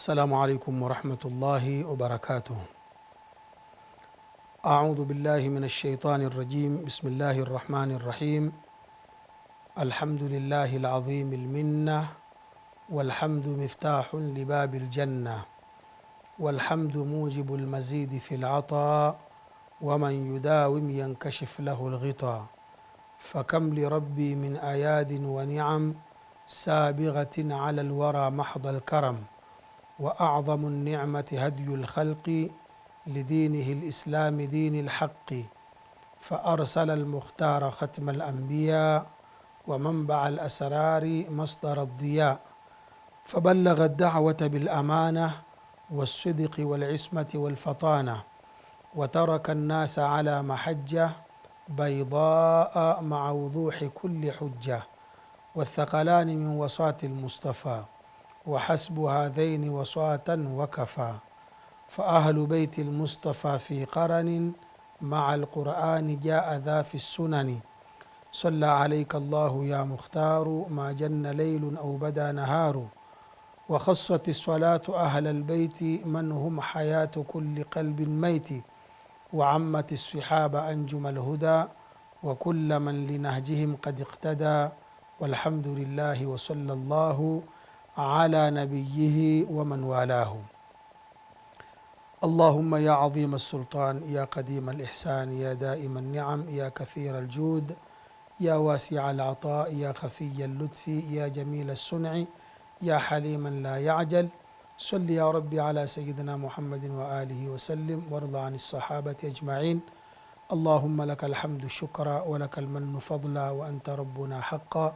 السلام عليكم ورحمة الله وبركاته. أعوذ بالله من الشيطان الرجيم، بسم الله الرحمن الرحيم. الحمد لله العظيم المنة والحمد مفتاح لباب الجنة والحمد موجب المزيد في العطاء ومن يداوم ينكشف له الغطاء فكم لربي من اياد ونعم سابغه على الورى محض الكرم واعظم النعمه هدي الخلق لدينه الاسلام دين الحق فارسل المختار ختم الانبياء ومنبع الاسرار مصدر الضياء فبلغ الدعوه بالامانه والصدق والعصمه والفطانه وترك الناس على محجه بيضاء مع وضوح كل حجه والثقلان من وصاه المصطفى وحسب هذين وصاة وكفى فأهل بيت المصطفى في قرن مع القرآن جاء ذا في السنن صلى عليك الله يا مختار ما جن ليل أو بدا نهار وخصت الصلاة أهل البيت من هم حياة كل قلب ميت وعمت الصحاب أنجم الهدى وكل من لنهجهم قد اقتدى والحمد لله وصلى الله على نبيه ومن والاه اللهم يا عظيم السلطان يا قديم الإحسان يا دائم النعم يا كثير الجود يا واسع العطاء يا خفي اللطف يا جميل الصنع يا حليما لا يعجل صل يا ربي على سيدنا محمد وآله وسلم وارض عن الصحابة أجمعين اللهم لك الحمد شكرا ولك المن فضلا وأنت ربنا حقا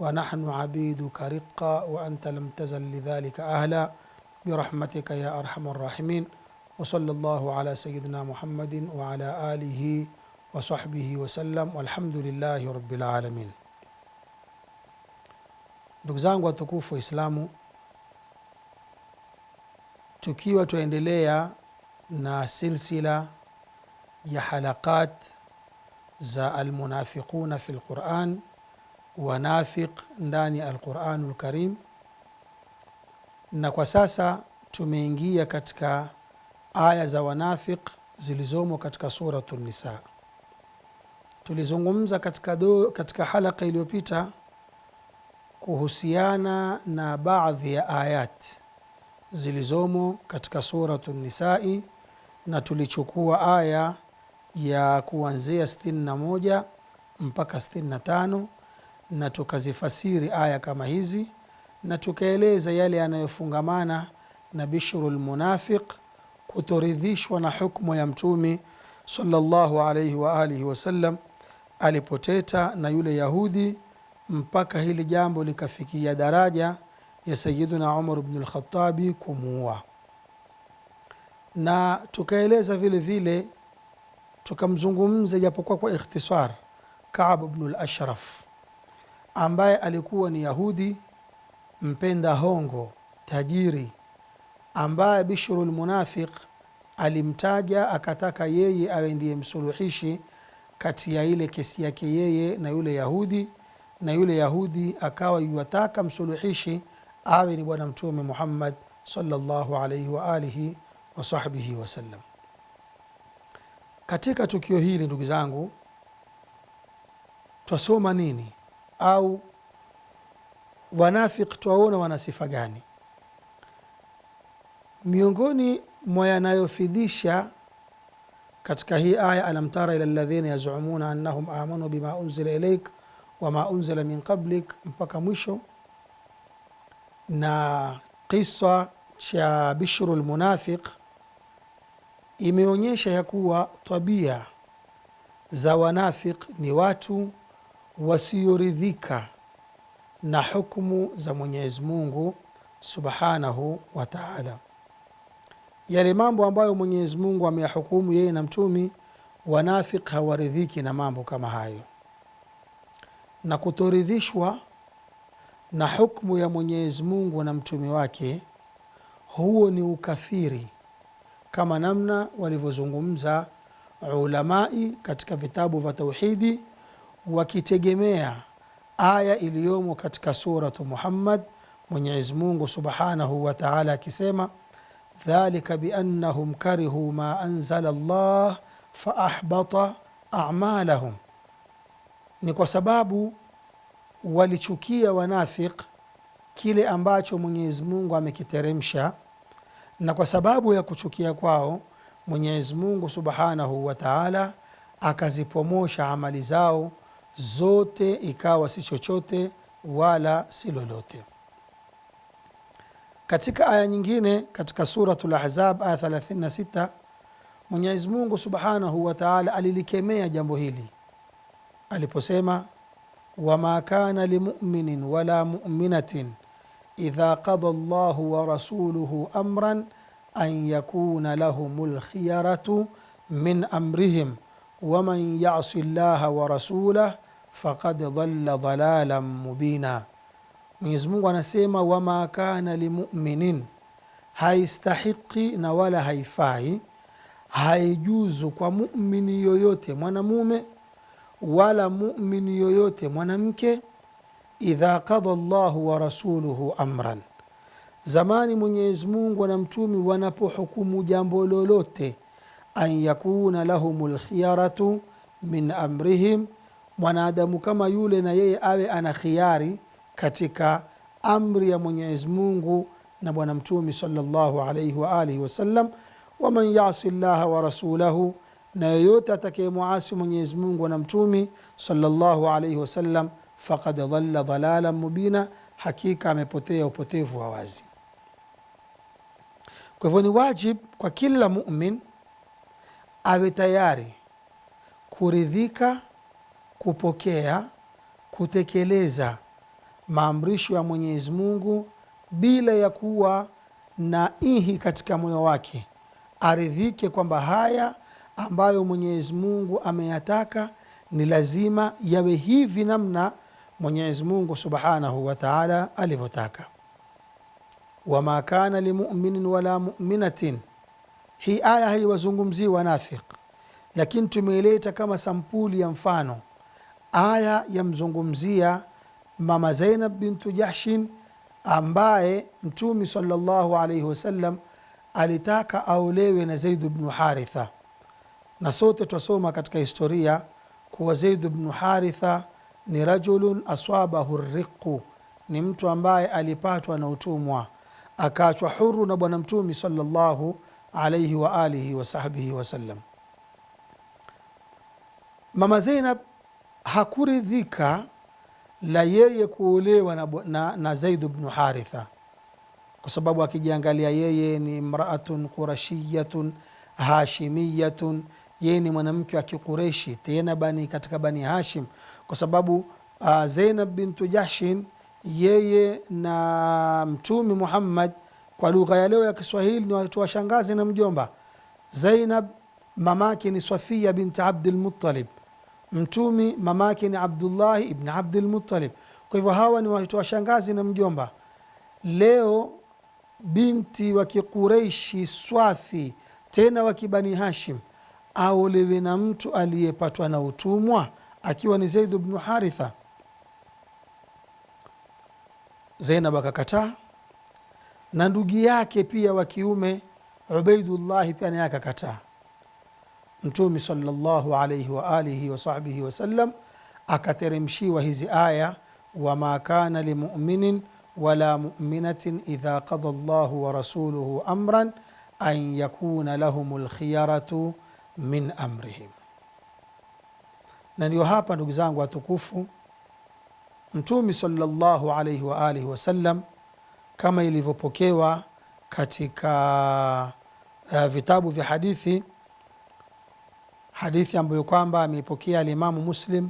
ونحن عبيدك رقا وأنت لم تزل لذلك أهلا برحمتك يا أرحم الراحمين وصلى الله على سيدنا محمد وعلى آله وصحبه وسلم والحمد لله رب العالمين ndugu وتكوف إسلام تكي tukiwa نا سلسلة silsila ya halakat za almunafiquna fi wanafiq ndani ya Alquranu Lkarim, na kwa sasa tumeingia katika aya za wanafiq zilizomo katika Suratu Nisa. Tulizungumza katika, katika halaka iliyopita kuhusiana na baadhi ya ayat zilizomo katika Suratu Nisai, na tulichukua aya ya kuanzia 61 mpaka 65 na tukazifasiri aya kama hizi na tukaeleza yale yanayofungamana na bishru lmunafiq, kutoridhishwa na hukmu ya mtumi sallallahu alaihi wa alihi wasallam alipoteta na yule Yahudi, mpaka hili jambo likafikia daraja ya Sayiduna Umar bnu lkhatabi kumuua. Na tukaeleza vile vile tukamzungumza, japokuwa kwa ikhtisar, Kaab bnu lashraf ambaye alikuwa ni Yahudi mpenda hongo, tajiri ambaye Bishru lmunafiq alimtaja akataka yeye awe ndiye msuluhishi kati ya ile kesi yake yeye na yule Yahudi, na yule Yahudi akawa yuwataka msuluhishi awe ni Bwana Mtume Muhammad sallallahu alaihi wa alihi wa sahbihi wasallam. Katika tukio hili, ndugu zangu, twasoma nini? au wanafiki twaona wana sifa gani? Miongoni mwa yanayofidhisha katika hii aya, alam tara ila ladhina yazumuna annahum amanu bima unzila ilaik wama unzila min qablik, mpaka mwisho, na kisa cha Bishru lmunafiq imeonyesha ya kuwa tabia za wanafiq ni watu wasioridhika na hukmu za Mwenyezi Mungu subhanahu wa taala, yale mambo ambayo Mwenyezi Mungu ameyahukumu yeye na mtumi. Wanafiki hawaridhiki na mambo kama hayo, na kutoridhishwa na hukmu ya Mwenyezi Mungu na mtumi wake, huo ni ukafiri, kama namna walivyozungumza ulamai katika vitabu vya tauhidi wakitegemea aya iliyomo katika suratu Muhammad, Mwenyezi Mungu subhanahu wa taala akisema dhalika biannahum karihu ma anzala Allah faahbata amalahum, ni kwa sababu walichukia wanafiq kile ambacho Mwenyezi Mungu amekiteremsha, na kwa sababu ya kuchukia kwao Mwenyezi Mungu subhanahu wa taala akazipomosha amali zao zote ikawa si chochote wala si lolote. Katika aya nyingine katika Suratul Ahzab aya 36, Mwenyezi Mungu subhanahu wa taala alilikemea jambo hili aliposema, wama kana limuminin wala muminatin idha qada llahu wa rasuluhu amran an yakuna lahumul khiyaratu min amrihim waman yasi llaha wa rasulah faqad dhalla dhalalan mubina. Mwenyezi Mungu anasema wama kana limuminin, haistahiki na wala haifai haijuzu kwa mumini yoyote mwanamume wala mumini yoyote mwanamke, idha qada llahu wa rasuluhu amran, zamani Mwenyezi Mungu na mtumi wanapohukumu jambo lolote, an yakuna lahum lkhiyaratu min amrihim mwanadamu kama yule na yeye awe ana khiari katika amri ya Mwenyezi Mungu na Bwana Mtume sallallahu alaihi wa alihi wasallam. Waman yasi llaha wa rasulahu, na yoyote atakayemwasi Mwenyezi Mungu na Mtume sallallahu alaihi wasallam, faqad dhalla dhalalan mubina, hakika amepotea upotevu wa wazi. Kwa hivyo ni wajib kwa kila mumin awe tayari kuridhika kupokea, kutekeleza maamrisho ya Mwenyezi Mungu bila ya kuwa na ihi katika moyo wake, aridhike kwamba haya ambayo Mwenyezi Mungu ameyataka ni lazima yawe hivi namna Mwenyezi Mungu subhanahu wa taala alivyotaka. Wama kana limuminin wala muminatin, hii aya haiwazungumzii wanafiq, lakini tumeileta kama sampuli ya mfano aya yamzungumzia mama Zainab bintu Jahshin ambaye Mtumi sallallahu alaihi wasallam alitaka aolewe na Zaid bnu Haritha, na sote twasoma katika historia kuwa Zaid bnu Haritha ni rajulun aswabahu riqu, ni mtu ambaye alipatwa na utumwa akaachwa huru na Bwana Mtumi sallallahu alaihi wa alihi wasahbihi wasallam. Mama Zainab hakuridhika la yeye kuolewa na, na, na Zaid bnu Haritha kwa sababu akijiangalia yeye ni mraatun qurashiyatun hashimiyatun, yeye ni mwanamke wa Kikureshi tena bani katika Bani Hashim, kwa sababu uh, Zainab bintu Jahshin yeye na Mtumi Muhammad kwa lugha ya leo ya Kiswahili ni watu washangazi na mjomba. Zainab mamake ni Safia binti Abdulmuttalib Mtumi mamake ni Abdullahi ibni Abdilmutalib. Kwa hivyo hawa ni watoto wa shangazi na mjomba. Leo binti wa Kikureishi swafi tena wa Kibani Hashim aolewe na mtu aliyepatwa na utumwa akiwa ni Zaid bnu Haritha. Zainab akakataa, na ndugu yake pia wa kiume Ubaidullahi pia naye akakataa mtumi sallallahu alaihi wa alihi wasallam akateremshiwa hizi aya, wama kana limuminin wala muminatin idha qada llahu wa rasuluhu amran an yakuna lahum lkhiyaratu min amrihim. Na ndiyo hapa ndugu zangu watukufu, mtumi sallallahu alaihi wa wasallam kama ilivyopokewa katika uh, vitabu vya hadithi hadithi ambayo kwamba ameipokea alimamu Muslim,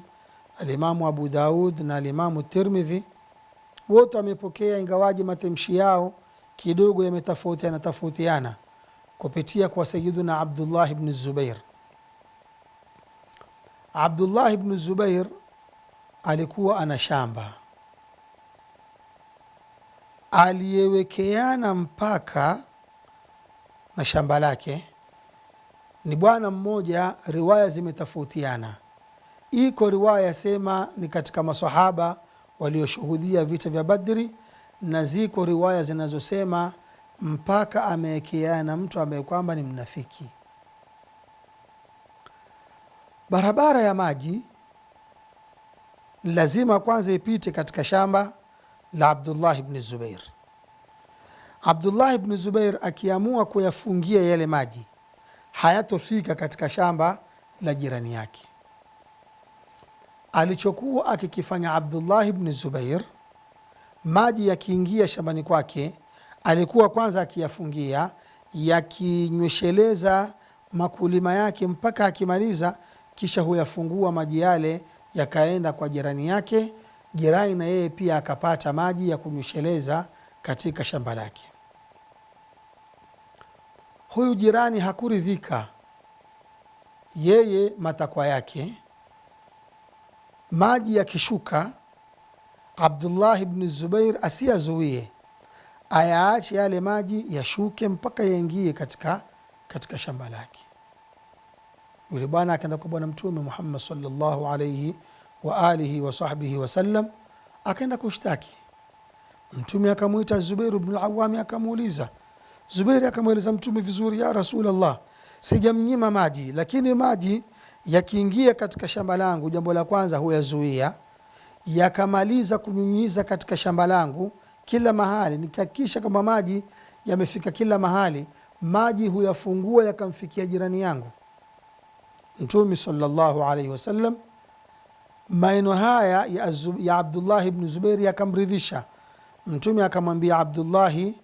alimamu Abu Daud na alimamu Tirmidhi, wote wamepokea, ingawaji matamshi yao kidogo yametofautiana tofautiana, kupitia kwa Sayiduna Abdullah ibn Zubair. Abdullah ibn Zubair alikuwa ana shamba aliyewekeana mpaka na shamba lake ni bwana mmoja, riwaya zimetofautiana. Iko riwaya yasema ni katika masahaba walioshuhudia vita vya Badri, na ziko riwaya zinazosema mpaka amewekeana mtu ambaye kwamba ni mnafiki. Barabara ya maji lazima kwanza ipite katika shamba la Abdullah bni Zubair. Abdullah bni Zubair akiamua kuyafungia yale maji hayatofika katika shamba la jirani yake. Alichokuwa akikifanya Abdullahi bni Zubair, maji yakiingia shambani kwake, alikuwa kwanza akiyafungia yakinywesheleza makulima yake mpaka akimaliza, kisha huyafungua maji yale yakaenda kwa jirani yake, jirani na yeye pia akapata maji ya kunywesheleza katika shamba lake huyu jirani hakuridhika yeye matakwa yake. Maji yakishuka, Abdullahi bni Zubair asiyazuie, ayaache yale maji yashuke mpaka yaingie katika, katika shamba lake. Yule bwana akaenda kwa Bwana Mtume Muhammad sallallahu alaihi wa alihi wasahbihi wasallam, akaenda kushtaki. Mtume akamwita Zubairu bnu Lawami akamuuliza Zubairi akamweleza Mtume vizuri, ya Rasulullah, sijamnyima maji, lakini maji yakiingia katika shamba langu, jambo la kwanza huyazuia, yakamaliza kunyunyiza katika shamba langu kila mahali, nikihakikisha kwamba maji yamefika kila mahali, maji huyafungua yakamfikia jirani yangu. Mtume sallallahu alaihi wasallam maneno haya ya, ya Abdullahi bni Zubairi yakamridhisha Mtume, akamwambia Abdullahi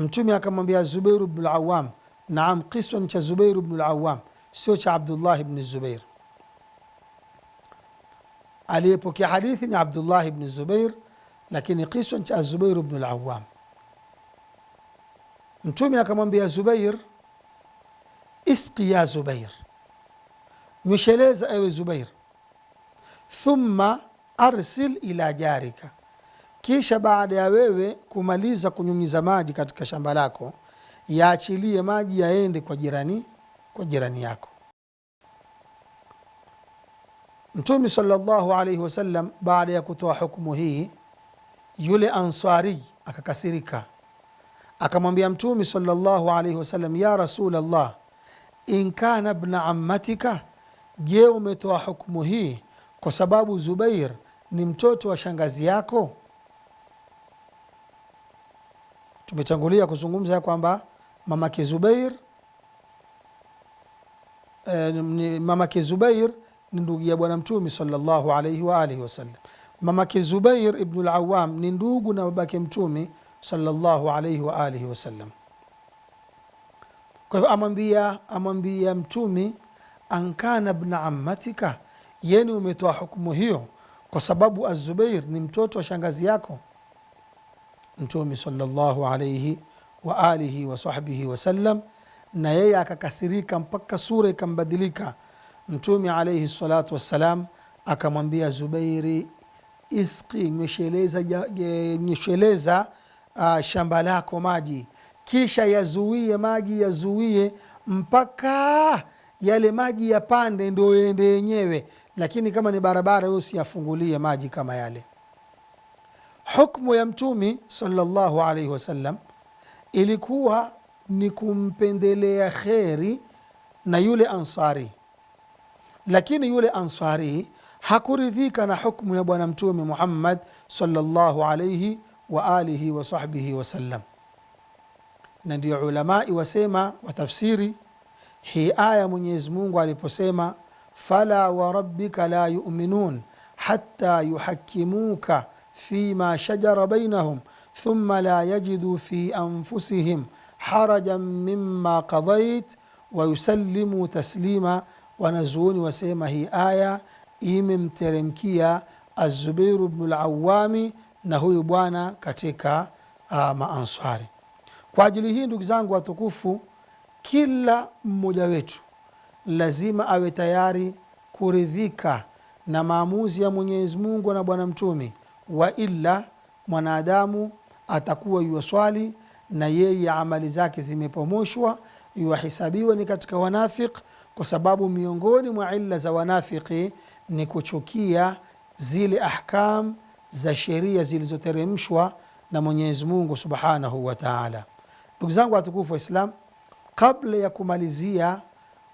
Mtume akamwambia Zubairu bnu Lawam, naam, kiswa ni cha Zubairu bnu Lawam, sio cha Abdullahi bni Zubair. Aliyepokea hadithi ni Abdullahi bni Zubair, lakini kiswa ni cha Zubairu bnu Lawam. Mtume akamwambia Zubair, iski ya Zubair, nywesheleza ewe Zubair, thumma arsil ila jarika Kisha baada ya wewe kumaliza kunyunyiza maji katika shamba lako, yaachilie maji yaende kwa jirani, kwa jirani yako. Mtume sallallahu alaihi wasallam baada ya kutoa hukumu hii, yule Ansari akakasirika, akamwambia Mtume sallallahu alaihi wasallam, ya rasul Allah, in kana bna ammatika, je, umetoa hukumu hii kwa sababu Zubair ni mtoto wa shangazi yako? Tumetangulia kuzungumza kwamba mamake Zubair e, eh, mamake Zubair ni ndugu ya Bwana Mtume sallallahu alaihi wa alihi wasallam. Mamake Zubair ibnul Awam ni ndugu na babake Mtume sallallahu alaihi wa alihi wasallam. Kwa hivyo amwambia amwambia Mtume, ankana bna ammatika, yeni umetoa hukumu hiyo kwa sababu Azubair ni mtoto wa shangazi yako Mtume salallahu alaihi wa alihi wa sahbihi wasallam, na yeye akakasirika mpaka sura ikambadilika. Mtume alaihi salatu wassalam akamwambia Zubairi, iski nyesheleza uh, shamba lako maji, kisha yazuie maji, yazuie mpaka yale maji yapande, ndo yende yenyewe, lakini kama ni barabara, huyo siyafungulie maji kama yale hukmu ya mtumi sallallahu alaihi wasallam ilikuwa ni kumpendelea kheri na yule Ansari, lakini yule Ansari hakuridhika na hukmu ya Bwana Mtume Muhammad sallallahu alaihi wa alihi wa sahbihi wasallam. Na ndio ulamai wasema wa tafsiri hii aya Mwenyezi Mungu aliposema, fala warabbika la yuminun hatta yuhakimuka fima shajara bainahum thumma la yajidu fi anfusihim harajan mimma qadait wayusallimu taslima. Wanazuoni wasema hii aya imemteremkia Azubeiru bnu Lawami na huyu bwana katika uh, Maanswari. Kwa ajili hii, ndugu zangu watukufu, kila mmoja wetu lazima awe tayari kuridhika na maamuzi ya Mwenyezi Mungu na Bwana Mtume wa illa, mwanadamu atakuwa yuwaswali na yeye amali zake zimepomoshwa, yuwahisabiwa ni katika wanafiq, kwa sababu miongoni mwa illa za wanafiki ni kuchukia zile ahkam za sheria zilizoteremshwa na Mwenyezi Mungu subhanahu wa taala. Ndugu zangu watukufu Waislam, kabla ya kumalizia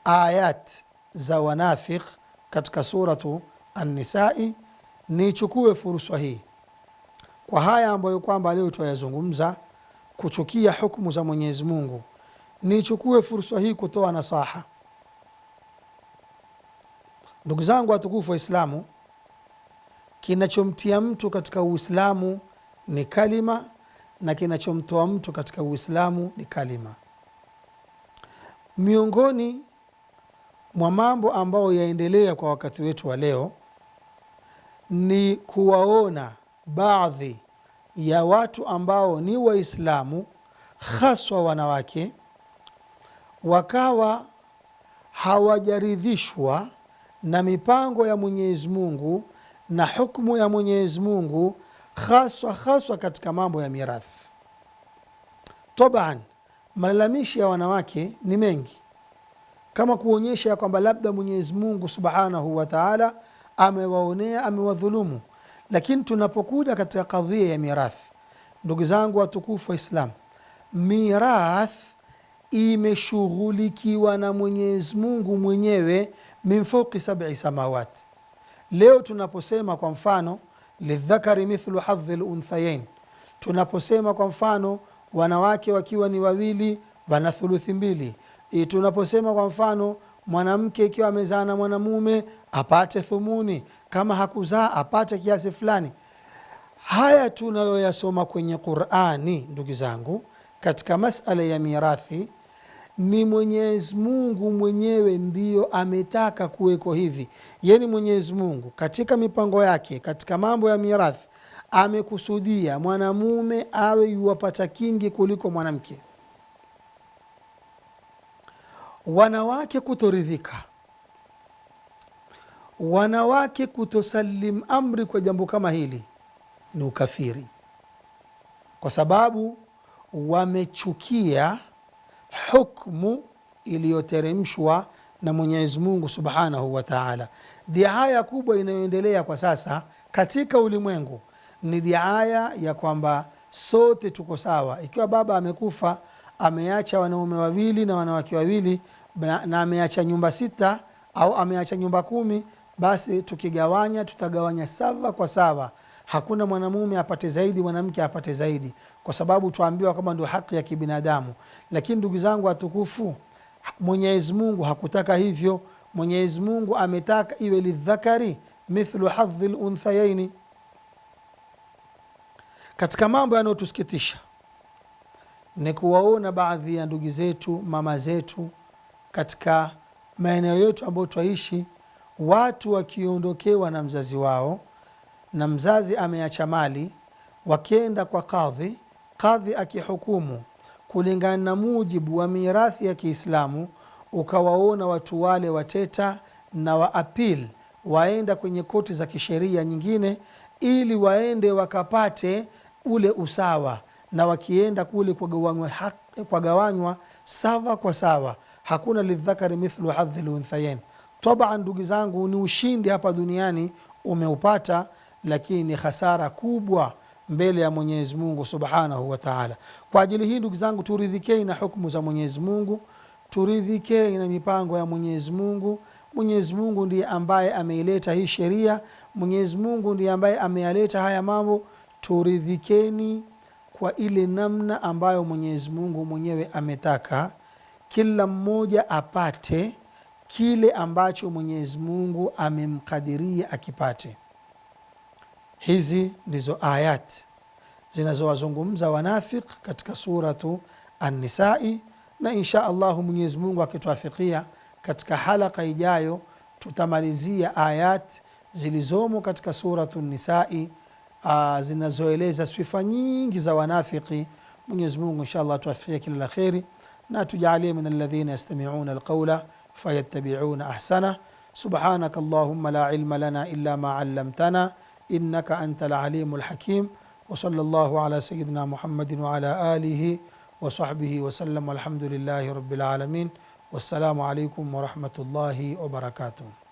ayat za wanafiq katika suratu Annisai, nichukue fursa hii kwa haya ambayo kwamba leo twayazungumza, kuchukia hukumu za Mwenyezi Mungu, nichukue fursa hii kutoa nasaha. Ndugu zangu watukufu Waislamu, kinachomtia mtu katika Uislamu ni kalima na kinachomtoa mtu katika Uislamu ni kalima. Miongoni mwa mambo ambayo yaendelea kwa wakati wetu wa leo ni kuwaona baadhi ya watu ambao ni Waislamu haswa wanawake wakawa hawajaridhishwa na mipango ya Mwenyezi Mungu na hukumu ya Mwenyezi Mungu haswa haswa katika mambo ya mirathi. Taban, malalamishi ya wanawake ni mengi, kama kuonyesha ya kwamba labda Mwenyezi Mungu subhanahu wa taala amewaonea, amewadhulumu lakini tunapokuja katika kadhia ya mirathi, ndugu zangu watukufu islam mirath imeshughulikiwa na Mwenyezi Mungu mwenyewe min fauqi sabi samawati. Leo tunaposema kwa mfano lidhakari mithlu hadhi lunthayain, tunaposema kwa mfano wanawake wakiwa ni wawili wana thuluthi mbili, tunaposema kwa mfano mwanamke ikiwa amezaa na mwanamume apate thumuni, kama hakuzaa apate kiasi fulani. Haya tunayoyasoma kwenye Qurani, ndugu zangu, katika masala ya mirathi ni Mwenyezi Mungu mwenyewe ndiyo ametaka kuweko hivi. Yani Mwenyezi Mungu katika mipango yake, katika mambo ya mirathi amekusudia mwanamume awe yuwapata kingi kuliko mwanamke wanawake kutoridhika, wanawake kutosalim amri kwa jambo kama hili ni ukafiri, kwa sababu wamechukia hukmu iliyoteremshwa na Mwenyezi Mungu subhanahu wa taala. Diaya kubwa inayoendelea kwa sasa katika ulimwengu ni diaya ya kwamba sote tuko sawa. Ikiwa baba amekufa ameacha wanaume wawili na wanawake wawili na, ameacha nyumba sita au ameacha nyumba kumi, basi tukigawanya tutagawanya sawa kwa sawa, hakuna mwanamume apate zaidi, mwanamke apate zaidi, kwa sababu tuambiwa kama ndio haki ya kibinadamu. Lakini ndugu zangu watukufu, Mwenyezi Mungu hakutaka hivyo. Mwenyezi Mungu ametaka iwe lidhakari mithlu hadhi lunthayaini. Katika mambo yanayotusikitisha ni kuwaona baadhi ya ndugu zetu, mama zetu katika maeneo yetu ambayo twaishi, watu wakiondokewa na mzazi wao na mzazi ameacha mali, wakienda kwa kadhi, kadhi akihukumu kulingana na mujibu wa mirathi ya Kiislamu, ukawaona watu wale wateta na waapil waenda kwenye koti za kisheria nyingine, ili waende wakapate ule usawa na wakienda kule kwagawanywa kwa sawa kwa sawa, hakuna lidhakari mithlu hadhi lunthayain. Tabaan, ndugu zangu, ni ushindi hapa duniani umeupata, lakini ni hasara kubwa mbele ya Mwenyezi Mungu subhanahu wa taala. Kwa ajili hii, ndugu zangu, turidhikei na hukmu za Mwenyezi Mungu, turidhikei na mipango ya Mwenyezi Mungu. Mwenyezi Mungu ndiye ambaye ameileta hii sheria, Mwenyezi Mungu ndiye ambaye ameyaleta haya mambo, turidhikeni kwa ile namna ambayo Mwenyezi Mungu mwenyewe ametaka, kila mmoja apate kile ambacho Mwenyezi Mungu amemkadiria akipate. Hizi ndizo ayat zinazowazungumza wanafiq katika suratu anisai na insha Allahu Mwenyezi Mungu akituafikia, katika halaka ijayo tutamalizia ayat zilizomo katika suratu Nisai. uh, zinazoeleza sifa nyingi za wanafiki. Mwenyezi Mungu insha Allah tuwafikie kila la kheri na tujalie min alladhina yastami'una alqawla fayattabi'una ahsana. Subhanaka Allahumma la ilma lana illa ma 'allamtana innaka antal alimul hakim wa sallallahu ala sayyidina Muhammadin wa ala alihi wa sahbihi wa sallam walhamdulillahi rabbil alamin. Wassalamu alaykum wa rahmatullahi wa barakatuh.